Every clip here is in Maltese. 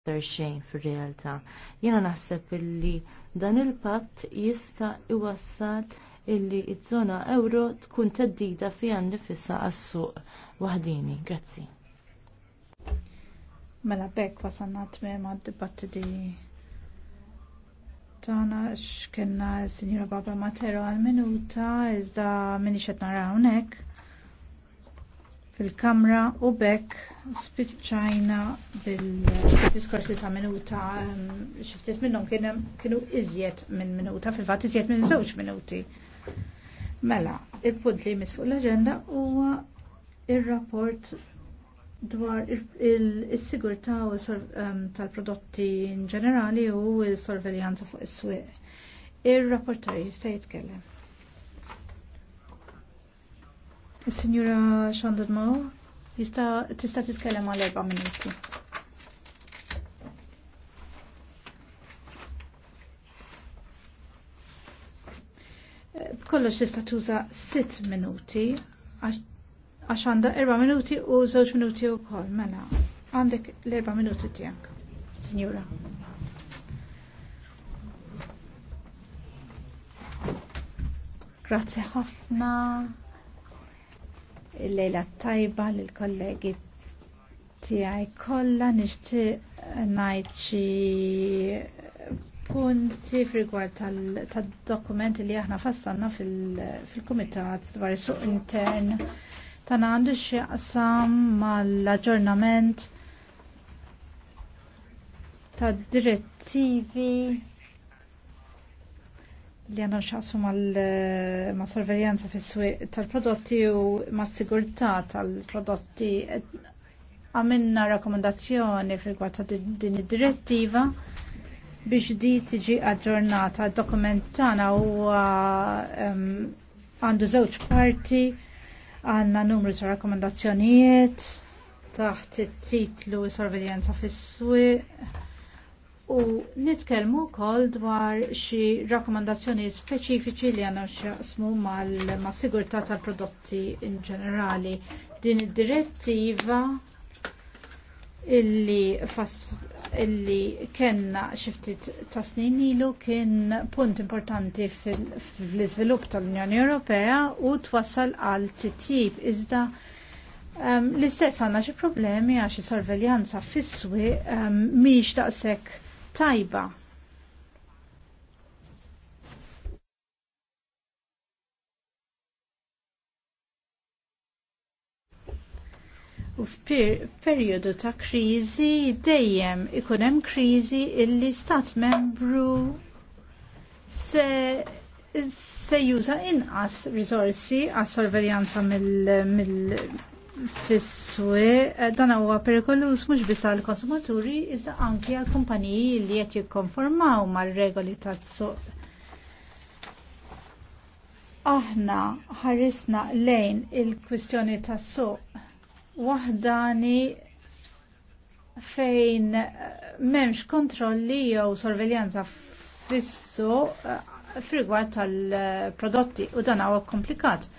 aktar xejn fir-realtà. Jiena naħseb illi dan il-patt jista' iwassal illi ż żona ewro tkun teddida fiha nifisha għas-suq waħdini. Grazzi. Mela bekk wasalna tmiem għad-dibattiti tagħna x'kienna s-Sinjura Baba Matero għal-minuta iżda minix qed nara hawnhekk fil-kamra u bekk spiċċajna bil-diskors li ta' minuta um, xiftit minnhom kienu iżjed minn minuta, fil-fatt iżjed minn żewġ minuti. Mela, il-punt li jmiss fuq l-aġenda huwa ir-rapport dwar il-sigurtà u um, tal-prodotti in ġenerali u il sorveljanza fuq is-swieq. Ir-rapporter jista' jitkellem. Signora Xandarmo, tista' titkellem għal erba' minuti. Kollox tista' tuża sitt minuti għax għandha erba' minuti u żewġ minuti wkoll mela. Għandek l-erba' minuti tiegħek, Signora. Grazie ħafna il-lejla tajba l-kollegi tijaj kolla nishti najċi punti f'rigward tal-dokumenti li aħna fassanna fil-komitat dwar suq intern tana għandu xieqsam mal-aġġornament tad direttivi li għanna nxaqsu eh, ma' sorveljanza fis tal-prodotti u ma' sigurtà tal-prodotti. Għamilna rakomendazzjoni fil-gwad ta' din id-direttiva biex di tiġi aġġornata. Dokument tagħna għandu żewġ parti, għandna numru ta' rakkomandazzjonijiet taħt it-titlu sorveljanza fis-swieq u nitkellmu wkoll dwar xi rakkomandazzjoni speċifiċi li għanna xaqsmu mal-sigurtà tal-prodotti in ġenerali. Din id-direttiva illi fas illi kena xiftit ta' snin ilu kien punt importanti fl iżvilupp tal-Unjoni Ewropea u twassal għal titjib iżda um, l-istess għanna xi problemi għax sorveljanza fis-swi um, ehm, miex tajba. U f'perjodu ta' kriżi dejjem ikun hemm kriżi illi stat membru se se juża inqas risorsi għas sorveljanza mill mill fis-swe eh, dan huwa perikolus mhux biss għall konsumaturi iżda anki għall kumpaniji li qed jikkonformaw mar-regoli tas-suq. Aħna ħarisna lejn il-kwistjoni tas-suq waħdani fejn eh, m'hemmx kontrolli jew sorveljanza fis-suq eh, frigward tal-prodotti u dan huwa komplikat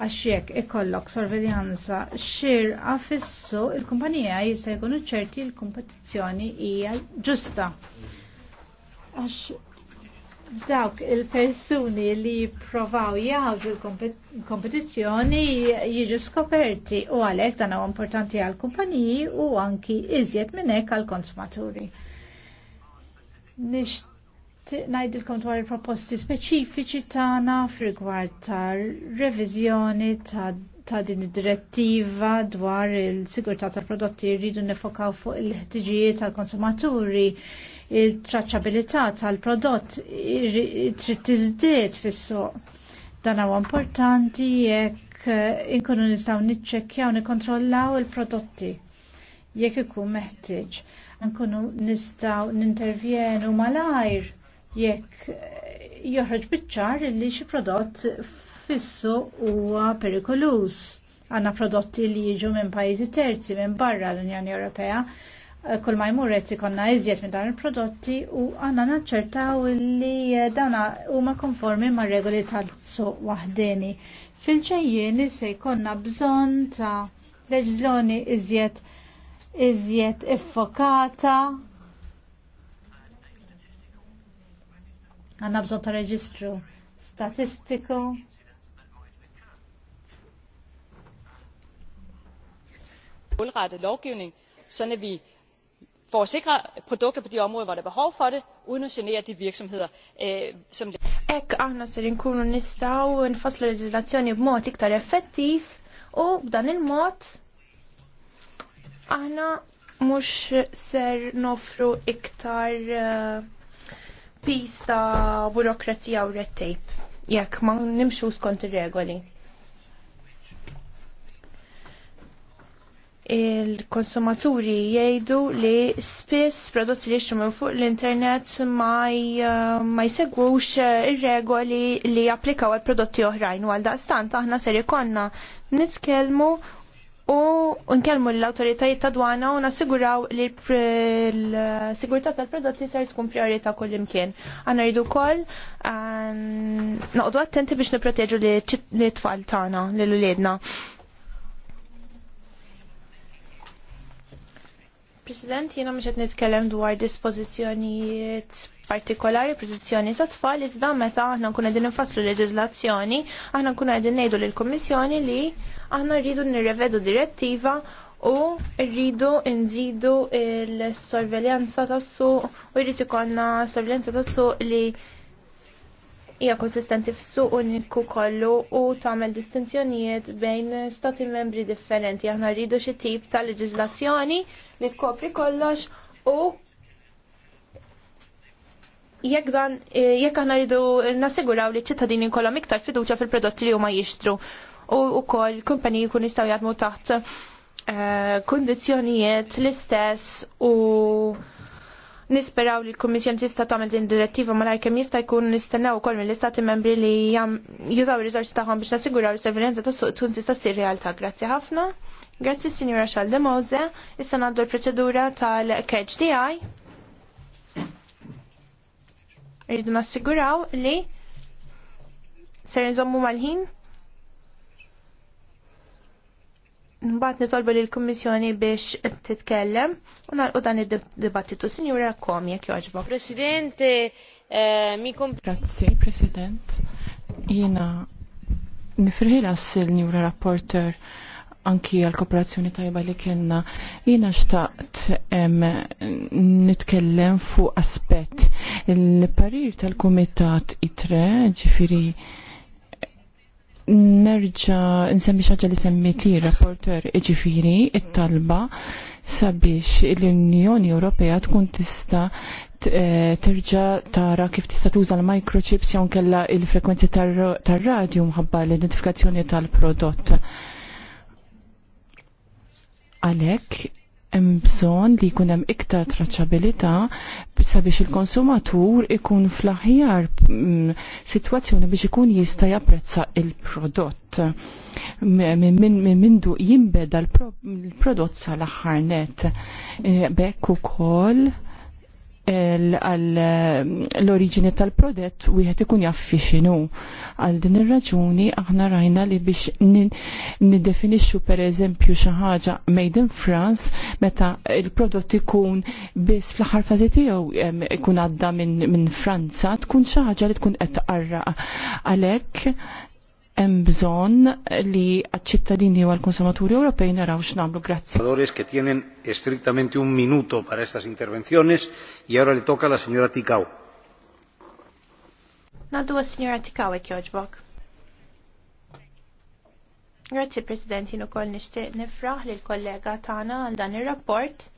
għax jekk ikollok sorveljanza xirqa fissu il-kumpanija jista' jkunu ċerti l-kompetizzjoni hija ġusta. Għax dawk il-persuni li jipprovaw jgħawġu l-kompetizzjoni jiġu skoperti u għalhekk dan huwa importanti għall-kumpaniji u anki iżjed minn hekk għall-konsumaturi. Nix nixtieq dwar il-proposti speċifiċi tagħna f'rigward ta' reviżjoni ta' din id-direttiva dwar il-sigurtà tal-prodotti jridu nifokaw fuq il-ħtiġijiet tal-konsumaturi il-traċċabilità tal-prodott trid tiżdied fis-suq. Dan huwa importanti jekk eh, inkunu nistgħu niċċekkjaw nikkontrollaw il-prodotti jekk ikun meħtieġ nkunu nistgħu nintervjenu malajr jekk eh, joħroġ biċċar li xi prodott fissu huwa perikolus. Għanna prodotti li jiġu minn pajjiżi terzi minn barra l-Unjoni Ewropea eh, kull ma jmur qed ikonna iżjed minn dan il-prodotti u għandna naċċertaw li eh, dawn huma konformi mar regoli tal-suq waħdeni. Fil-ġejjien se jkollna bżonn ta' leġżloni iżjed iżjed iffokata Għanna bżon ta' reġistru statistiku. Målrettet l sådan at vi for at sikre produkter på de områder, hvor der er behov for det, uden at genere de virksomheder, øh, som det. Ek aħna ser inkunu nistaw nfasslu leġislazzjoni b'mod iktar effettiv u b'dan il-mod aħna mux ser nofru iktar uh, pis ta' burokrazija u red tape jekk ma nimxu skont ir-regoli. Il-konsumaturi jgħidu li spiss prodotti li xumu fuq l-internet ma jsegwux eh, ir-regoli li applikaw għal prodotti oħrajn u għal daqstant aħna ser konna nitkellmu u nkellmu l-autoritajiet ta' dwana u nassiguraw li l-sigurtà tal-prodotti ser tkun priorità kull imkien. Għanna rridu wkoll noqdu attenti biex nipproteġu li tfal tagħna lil uliedna. President, jiena mhux qed nitkellem dwar dispożizzjonijiet partikolari pozizjoni ta' tfal iżda meta aħna nkun qegħdin l leġizlazzjoni, aħna nkun qegħdin ngħidu lill-Kummissjoni li aħna rridu nirrevedu direttiva u rridu nżidu l-sorveljanza tas-suq u jrid ikollna sorveljanza tas-suq li hija konsistenti fis u uniku kollu u tagħmel distinzjonijiet bejn stati membri differenti. Aħna rridu xi tip ta' leġiżlazzjoni li tkopri kollox u jekk dan eh, jekk aħna rridu nassiguraw li ċ-ċittadini kollha iktar fiduċja fil-prodotti li huma jixtru u wkoll kumpaniji jkun jistgħu jaħdmu taħt eh, kundizzjonijiet l-istess u nisperaw li l-Kummissjoni tista' tagħmel din direttiva malajr kemm jista' jkun nistennew ukoll mill-istati membri li jużaw ir-riżorsi tagħhom biex nassiguraw is-sorveljanza tas-suq tkun tista' ssir realtà. Grazzi ħafna. Grazzi Sinjura Xalde Mose. Issa ngħaddu l-proċedura tal-catch DI. Irridu nassiguraw li ser nżommu mal-ħin. mbagħad nitolbu lill kummissjoni biex titkellem u nagħlqu dan id-dibattitu. Sinjura Komi jekk jogħġbok. President, eh, mi Grazzi, President. Jiena nifrħila s-sinjura rapporter anki għal kooperazzjoni tajba li kienna. Jiena xtaqt nitkellem fuq aspet. il-parir tal-komitat itre ġifiri nerġa nsemmi xaġa li semmiti rapporter iġifiri it-talba sabiex l-Unjoni Ewropea tkun tista eh, terġa tara kif tista tuża l-microchips jew kella il-frekwenzi tar-radju mħabba l-identifikazzjoni tal-prodott. Għalhekk hemm bżonn li jkun hemm iktar traċċabilità sabiex il-konsumatur ikun fl-aħjar mm, sitwazzjoni biex ikun jista' japprezza il-prodott mindu jimbeda l-prodott sal-aħħar net. Eh, bekk ukoll l-oriġini tal-prodett u jħet ikun jaffi xinu. Għal din ir-raġuni aħna rajna li biex nidefinixxu per eżempju xi ħaġa made in France meta il-prodott ikun biss fl-aħħar fażi tiegħu ikun għadda minn Franza tkun xi ħaġa li tkun qed għalek Għalhekk hemm bżonn li għaċ-ċittadini u għall-konsumaturi Ewropej naraw x'nagħmlu grazzi. Valores che tienen estrictamente un minuto para estas intervenciones y ahora le toca a la señora Ticao. Nadu għas-signora Ticao ek joġbok. Grazzi President, jien ukoll nixtieq nifraħ lil kollega tagħna għal dan ir-rapport.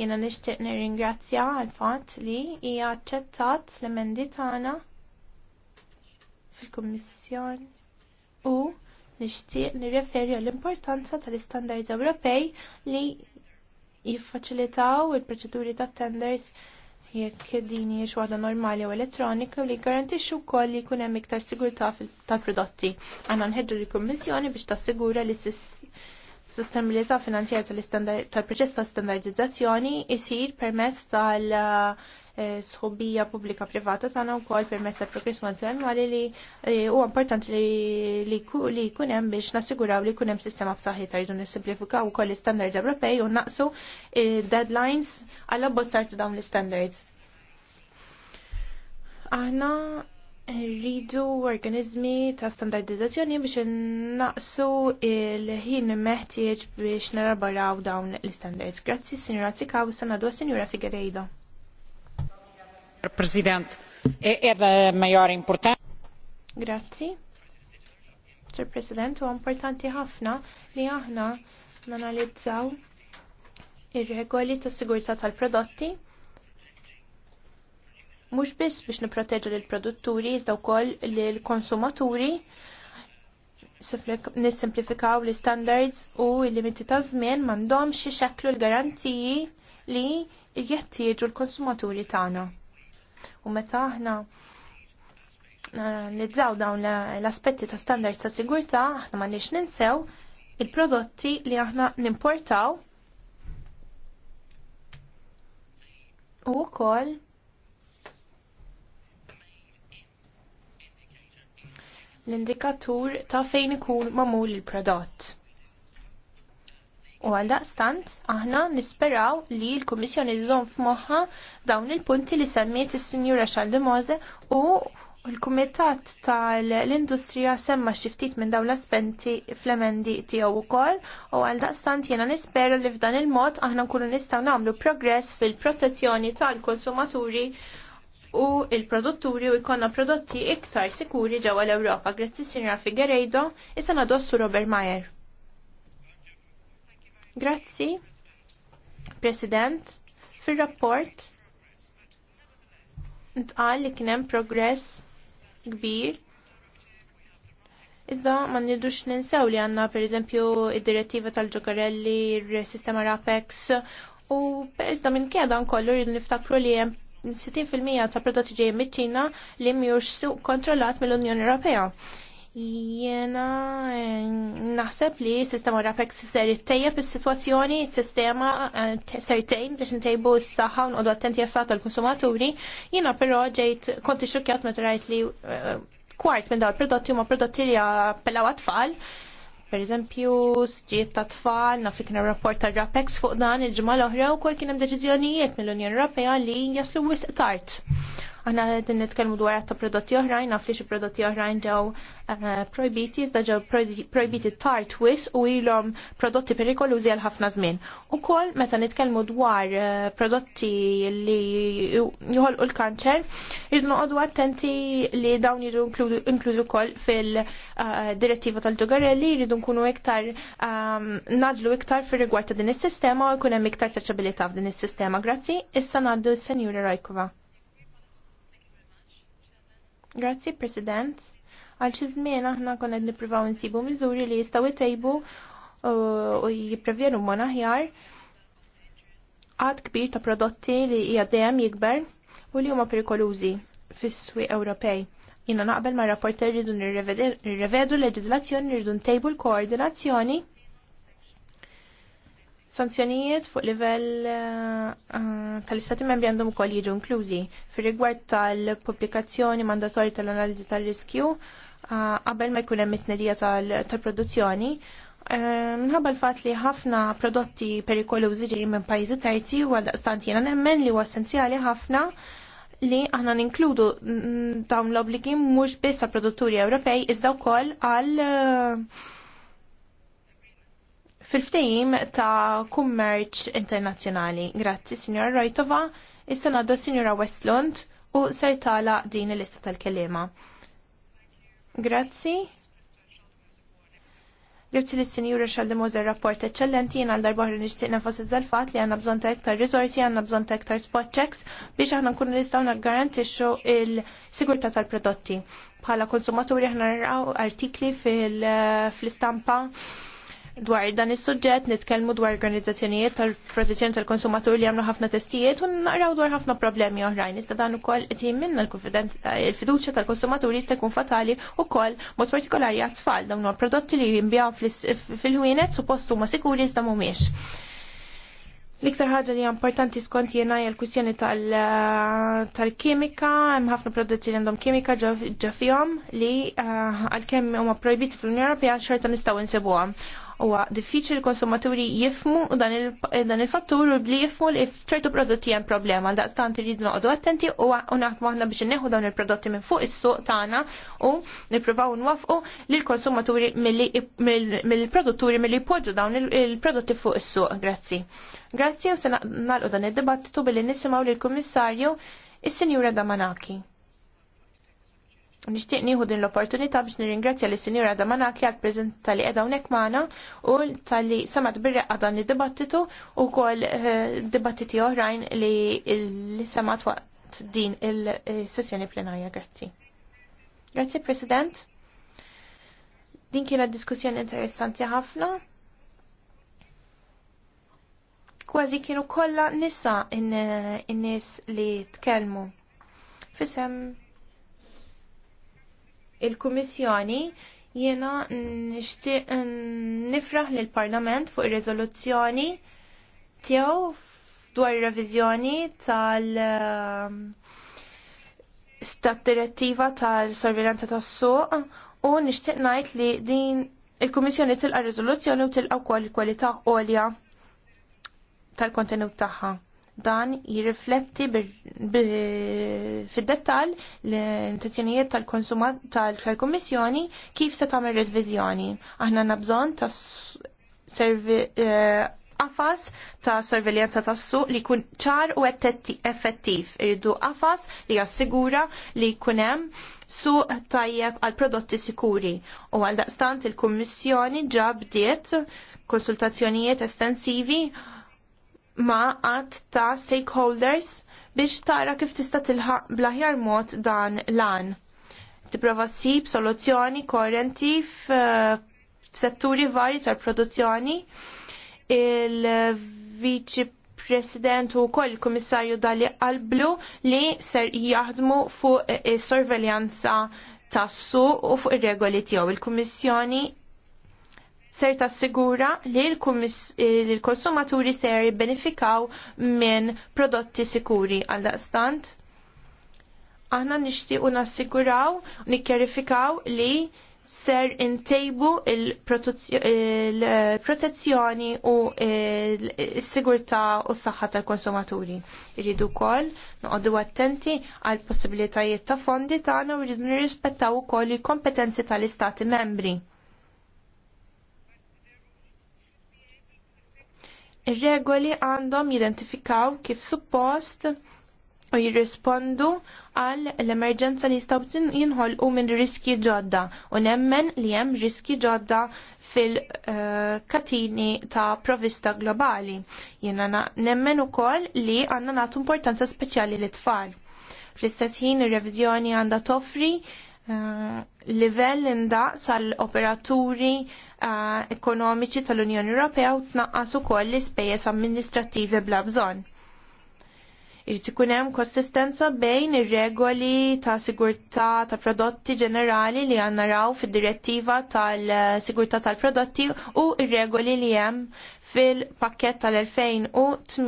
Jiena nixtieq nirringrazzja għal fatt li hija aċċettat l-emendi tagħna fil-Kummissjoni u nixtieq nirreferi għall-importanza tal-istandards Ewropej li jiffaċilitaw il-proċeduri tat tenders jekk din hiex waħda normali u elettronika u li jgarantixxu wkoll li jkun hemm iktar sigurtà tal-prodotti. Għandna nħeġġu l-Kummissjoni biex tassigura li s-sostenibilità finanzjarja tal-proċess ta' standardizzazzjoni isir permezz tal- Eh, sħobija pubblika privata tagħna wkoll permezz tal-prokrismanzi annwali li eh, huwa importanti li jkun hemm biex nassiguraw li jkun hemm sistema f'saħħitha rridu nissimplifikaw ukoll l-istandards Ewropej u naqsu eh, deadlines għal abbozzar ta' dawn l-istandards. Aħna rridu organizmi ta' standardizzazzjoni biex naqsu il-ħin meħtieġ biex narabaraw dawn l-standards. Grazzi, Sinjora Zikaw u s-sanadu Sinjora Figueiredo. President, e, e Grazzi. Sir President, huwa importanti ħafna li aħna nanalizzaw ir-regoli tas sigurtà tal-prodotti mhux biss biex nipproteġu lill produtturi iżda wkoll lill konsumaturi nissimplifikaw l-standards u l-limiti ta' żmien m'għandhomx ixekklu l-garanziji li jettieġu l-konsumaturi tagħna. U meta aħna nizzaw dawn l-aspetti ta' standards ta' sigurtà aħna ma nix ninsew il-prodotti li aħna nimportaw u wkoll l-indikatur ta' fejn ikun mamul il-prodott. U għaldaqstant aħna nisperaw li l-Kummissjoni żżomm f'moħħa dawn il-punti li semmiet is-Sinjura Xaldimose u l-Kumitat tal-Industrija semma xi ftit minn dawn l-aspetti fl-emendi tiegħu wkoll u għaldaqstant jiena nisperu li f'dan il-mod aħna nkunu nistgħu nagħmlu progress fil-protezzjoni tal-konsumaturi u l produtturi u jkollna prodotti iktar sikuri ġewwa l-Ewropa. Grazzi Sinjora Figueiredo, issa nadossu Robert Mayer. Grazzi, President, fil-rapport ntqal li kien hemm progress kbir Iżda ma nidux ninsew li għanna per eżempju id-direttiva tal-ġokarelli, il-sistema RAPEX u per iżda minn keda nkollu li niftakru li jem 60% ta' prodotti ġej miċ-Ċina li mjux kontrollat mill-Unjoni Ewropea. Jena eh, naħseb li sistema s ser tejjeb is-sitwazzjoni, sistema eh, ser tejn biex ntejbu s-saħħa un nqogħdu attenti għas għal tal-konsumaturi. Jiena però ġejt konti xokjat meta rajt li eh, kwart minn dawn prodotti huma prodotti li appellaw għatfall. tfal Per eżempju, sġiet ta' tfal, nafikna rapport ta' RAPEX fuq dan il-ġimgħa l-oħra wkoll kien hemm deċiżjonijiet mill-Unjoni Ewropea li jaslu wisq tard Aħna għedin nitkellmu dwar ta' prodotti oħrajn, għafli li xi prodotti oħrajn ġew eh, projbiti, iżda ġew projbiti tar twis u ilhom prodotti perikolużi għal ħafna żmien. kol, meta nitkellmu dwar eh, prodotti li u l-kanċer, irridu noqogħdu attenti li dawn jidu inkludu wkoll fil-direttiva eh, tal ġogarelli jridu nkunu iktar ehm, nadlu iktar fil rigward ta' din is-sistema u jkun hemm iktar taċċabilità f'din is-sistema. Grazzi, issa ngħaddu s-Senjura Rajkova. Grazzi President. Għal xi żmien aħna konna nippruvaw insibu miżuri li jistgħu jtejbu u jipprevjenu mon aħjar għad kbir ta' prodotti li hija dejjem jikber u li huma perikolużi fis-swieq Ewropej. Jiena naqbel ma' rapporter rridu nirrevedu l-leġiżlazzjoni rridu ntejbu l-koordinazzjoni Sanzjonijiet fuq livell eh, eh, tal-istati membri għandhom ukoll jiġu inklużi fir-rigward tal-pubblikazzjoni mandatorji tal-analiżi tal-riskju eh, qabel ma jkun hemm it-tnedija tal-produzzjoni. Minħabba l-fatt li ħafna prodotti perikolużi ġejjin minn pajjiżi terzi u għaldaqstant jiena nemmen li huwa essenzjali ħafna li aħna ninkludu mm, dawn l-obbligi mhux biss għal produtturi Ewropej iżda wkoll għal fil-ftejim ta' kummerċ internazzjonali. Grazzi, Signora Rojtova, issa naddu Signora Westlund u sertala din il-lista tal-kelima. Grazzi. Grazzi li s-Sinjura Xaldimuż il-rapport eccellenti jena l-darbohri nishtiq nefasizza l-fat li għanna bżon ta' iktar rizorsi, għanna bżon ta' iktar spot checks biex aħna nkunu nistaw garantixxu il-sigurta tal-prodotti. Bħala konsumaturi aħna naraw artikli fil-istampa fil istampa dwar dan is-suġġett nitkellmu dwar organizzazzjonijiet tal-protezzjoni tal-konsumatur li għamlu ħafna testijiet u naraw dwar ħafna problemi oħrajn. Iżda dan ukoll qed minna l-fiduċja tal-konsumaturi jista' jkun fatali wkoll mod partikolari għat-tfal dawn huwa prodotti li jinbjaw fil-ħwienet suppost huma sikuri iżda mhumiex. L-iktar ħaġa li importanti skont jena hija l-kwistjoni tal-kimika, hemm ħafna prodotti li għandhom kimika ġo fihom li eh, għalkemm huma projbiti fl-Unjoni Ewropea xorta nistgħu insibuhom huwa diffiċli l-konsumaturi jifmu dan il-fattur u li jifmu li f'ċertu prodotti hemm problema għal daqstant irridu noqogħdu attenti u naħdmu aħna biex inneħu dawn il-prodotti minn fuq is-suq tagħna u nippruvaw nwafqu lill konsumaturi mill-produtturi milli jpoġġu dawn il-prodotti fuq is-suq. Grazzi. Grazzi u se nagħlqu dan id-dibattitu billi nisimgħu lill-Kummissarju is-Sinjura Damanaki. Nishtiq nieħu din l-opportunità biex nirringrazzja lis sinjura Damanaki għal prezent tal-li qiegħda hawnhekk magħna u tal-li semat birreqqa dan id-dibattitu u wkoll eh, dibattiti oħrajn li semat waqt din il-sessjoni plenarja. Grazzi. Grazzi President. Din kienet diskussjoni interessanti ħafna. Kważi kienu kollha nisa in-nies li tkellmu. Fisem il-Kummissjoni jiena nixtieq nifraħ lil parlament fuq ir-riżoluzzjoni tiegħu dwar ir-reviżjoni tal eh, stat direttiva tal-sorveljanza tas-suq u nixtieq ngħid li din il-Kummissjoni tilqa' riżoluzzjoni u tilqa' wkoll kwalità għolja tal-kontenut tagħha dan jirrifletti fid-dettal l-intenzjonijiet tal-Kommissjoni kif se tagħmel reviżjoni. Aħna nabżon ta' eh, qafas ta' sorveljanza tas suq li jkun ċar u effettiv. Irridu qafas li jassigura li jkun hemm suq tajjeb għal prodotti sikuri u għal daqstant il-Kummissjoni ġabdiet konsultazzjonijiet estensivi ma' għat ta' stakeholders biex tara kif tista' tilħaq blaħjar mod dan lan. Tipprova ssib soluzzjoni korrenti f'setturi varji tal-produzzjoni. Il-Viċi President u koll il-Kummissarju għal-blu li ser jaħdmu fuq is-sorveljanza tassu u fuq ir-regoli tiegħu. Il-Kummissjoni ser tassigura eh, li l-konsumaturi ser jibbenefikaw minn prodotti sikuri għal daqstant. Aħna nixtiequ nassiguraw u nikkjarifikaw li ser intejbu il-protezzjoni u s-sigurtà u s-saħħa tal-konsumaturi. Irridu kol, noqogħdu attenti għall possibilitajiet ta' fondi tagħna u rridu nirrispettaw ukoll il-kompetenzi tal-istati membri. Ir-regoli għandhom jidentifikaw kif suppost u jirrispondu għal l-emerġenza li jistaw jinħolqu minn riski ġodda u nemmen li hemm riski ġodda fil-katini eh, ta' provista globali. Jiena nemmen ukoll li għandna nagħtu importanza speċjali l-tfal. Fl-istess ħin ir-reviżjoni għandha toffri Eh, livell indaqs sal operaturi eh, ekonomiċi tal-Unjoni Ewropea u tnaqqas ukoll l-ispejjeż amministrattivi bla bżonn. Irid ikun hemm konsistenza bejn ir-regoli ta' sigurtà ta' prodotti ġenerali li raw fid-direttiva tal-sigurtà tal-prodotti u r regoli li hemm fil-pakket tal-2008.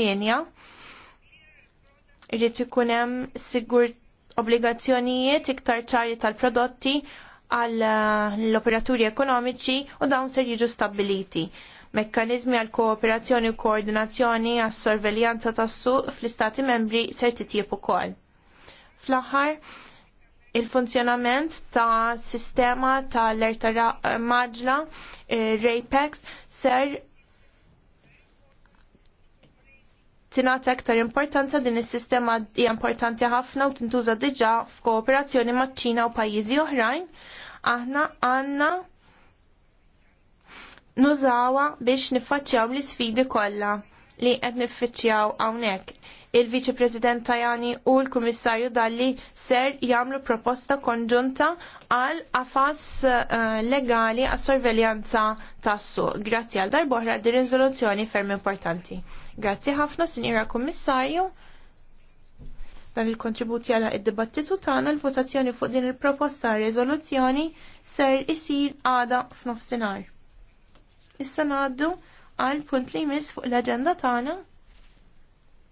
Irid ikun hemm sigurtà obbligazzjonijiet iktar ċari tal-prodotti għall eh, operaturi ekonomiċi u dawn ser jiġu stabiliti. Mekkanizmi għal kooperazzjoni u koordinazzjoni għas sorveljanza tas-suq fl-istati membri ser titjib ukoll. Fl-aħħar, il-funzjonament ta' sistema tal-erta maġla, il eh, RAPEX, ser tingħata aktar importanza din is-sistema hija importanti ħafna u tintuża diġà f'kooperazzjoni maċ-Ċina u pajjiżi oħrajn. Aħna għandna nużawa biex niffaċċjaw l-isfidi kollha li qed niffiċċjaw hawnhekk. Il-Viċi President Tajani u l-Kummissarju Dalli ser jagħmlu proposta konġunta għal afas eh, legali għas sorveljanza tas-suq. Grazzi għal darbohra di riżoluzzjoni ferm importanti. Grazzi ħafna, sinjera Kommissarju. Dan il-kontributi għala id-dibattitu tagħna l-votazzjoni fuq din il-proposta riżoluzzjoni ser isir għada f'nofsinhar. Issa ngħaddu għal punt li jmiss fuq l-aġenda tagħna